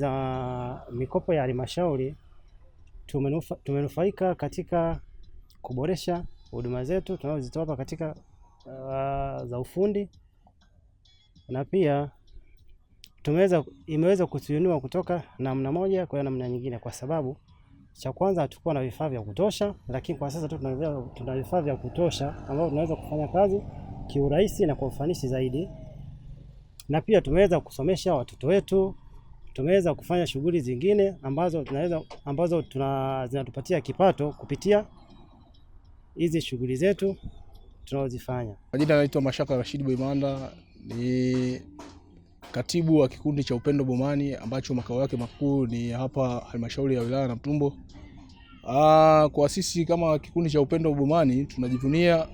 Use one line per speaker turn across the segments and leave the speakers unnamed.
za mikopo ya halmashauri tumenufa, tumenufaika katika kuboresha huduma zetu tunazozitoa hapa katika uh, za ufundi na pia tumeweza imeweza kutuinua kutoka namna moja kwa namna nyingine, kwa sababu cha kwanza hatukuwa na vifaa vya kutosha, lakini kwa sasa tu tuna vifaa vya kutosha ambavyo tunaweza kufanya kazi kiurahisi na kwa ufanisi zaidi, na pia tumeweza kusomesha watoto wetu tumeweza kufanya shughuli zingine ambazo tunaweza ambazo tuna, zinatupatia kipato kupitia hizi shughuli zetu tunazozifanya.
Majina anaitwa Mashaka Rashid Boimanda, ni katibu wa kikundi cha Upendo Bomani ambacho makao yake makuu ni hapa halmashauri ya wilaya Namtumbo. Ah, kwa sisi kama kikundi cha Upendo Bomani tunajivunia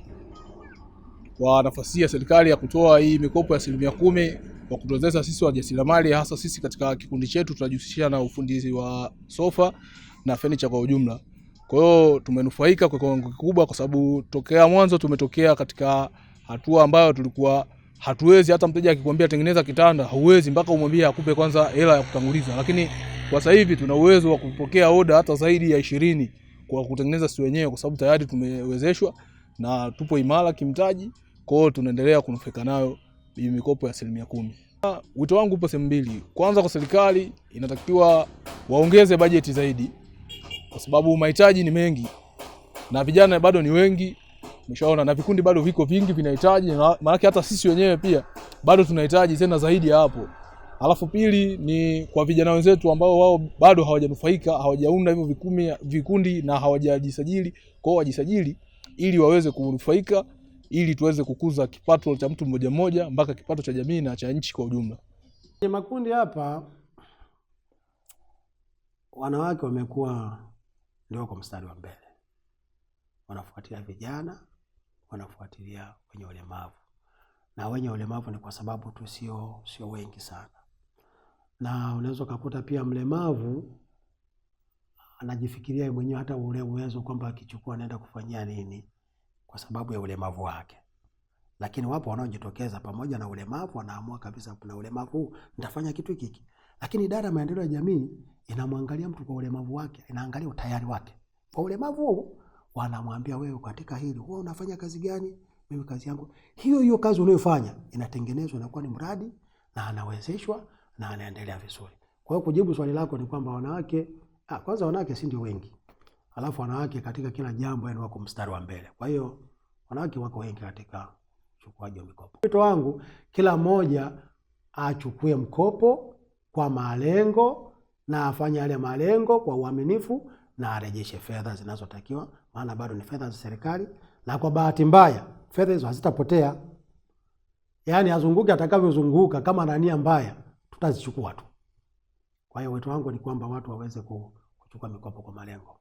kwa nafasi ya serikali ya kutoa hii mikopo ya asilimia kumi kwa kutuwezesha sisi wajasiriamali, hasa sisi katika kikundi chetu tunajihusisha na ufundizi wa sofa na fenicha kwa ujumla. Kwa hiyo tumenufaika kwa kiwango kikubwa, kwa sababu tokea mwanzo tumetokea katika hatua ambayo tulikuwa hatuwezi, hata mteja akikwambia tengeneza kitanda hauwezi mpaka umwambie akupe kwanza hela ya kutanguliza, lakini kwa sasa hivi tuna uwezo wa kupokea oda hata zaidi ya ishirini kwa kutengeneza sisi wenyewe, kwa sababu tayari tumewezeshwa na tupo imara kimtaji. Kwa hiyo tunaendelea kunufaika nayo mikopo ya asilimia kumi. Wito wangu upo sehemu mbili. Kwanza, kwa serikali inatakiwa waongeze bajeti zaidi, kwa sababu mahitaji ni mengi na vijana bado ni wengi, mshaona, na vikundi bado viko vingi vinahitaji, maanake hata sisi wenyewe pia bado tunahitaji tena zaidi hapo. Alafu pili ni kwa vijana wenzetu ambao wao bado hawajanufaika, hawajaunda hivyo vikundi na hawajajisajili, kwao wajisajili ili waweze kunufaika ili tuweze kukuza kipato cha mtu mmoja mmoja mpaka kipato cha jamii na cha nchi kwa ujumla.
Kwenye makundi hapa, wanawake wamekuwa ndio kwa mstari wa mbele, wanafuatilia vijana, wanafuatilia wenye ulemavu, na wenye ulemavu ni kwa sababu tu sio sio wengi sana, na unaweza ukakuta pia mlemavu anajifikiria mwenyewe hata ule uwezo kwamba akichukua anaenda kufanyia nini kwa sababu ya ulemavu wake. Lakini wapo wanaojitokeza pamoja na ulemavu, wanaamua kabisa, kuna ulemavu huu nitafanya kitu hiki Lakini idara ya maendeleo ya jamii inamwangalia mtu kwa ulemavu wake, inaangalia utayari wake kwa ulemavu huu, wanamwambia wewe, katika hili huwa unafanya kazi gani? Mimi kazi yangu hiyo hiyo. Kazi unayofanya inatengenezwa inakuwa ni mradi na anawezeshwa na anaendelea vizuri. Kwa hiyo kujibu swali lako ni kwamba wanawake, ah, kwanza wanawake si ndio wengi alafu wanawake katika kila jambo yani wako mstari wa mbele. Kwa hiyo wanawake wako wengi katika uchukuaji wa mikopo. Wito wangu kila mmoja achukue mkopo kwa malengo na afanye yale malengo kwa uaminifu na arejeshe fedha zinazotakiwa, maana bado ni fedha za serikali, na kwa bahati mbaya fedha hizo hazitapotea. Yaani azunguke atakavyozunguka, kama ana nia mbaya tutazichukua tu. Kwa hiyo wito wangu ni kwamba watu waweze kuchukua mikopo kwa malengo.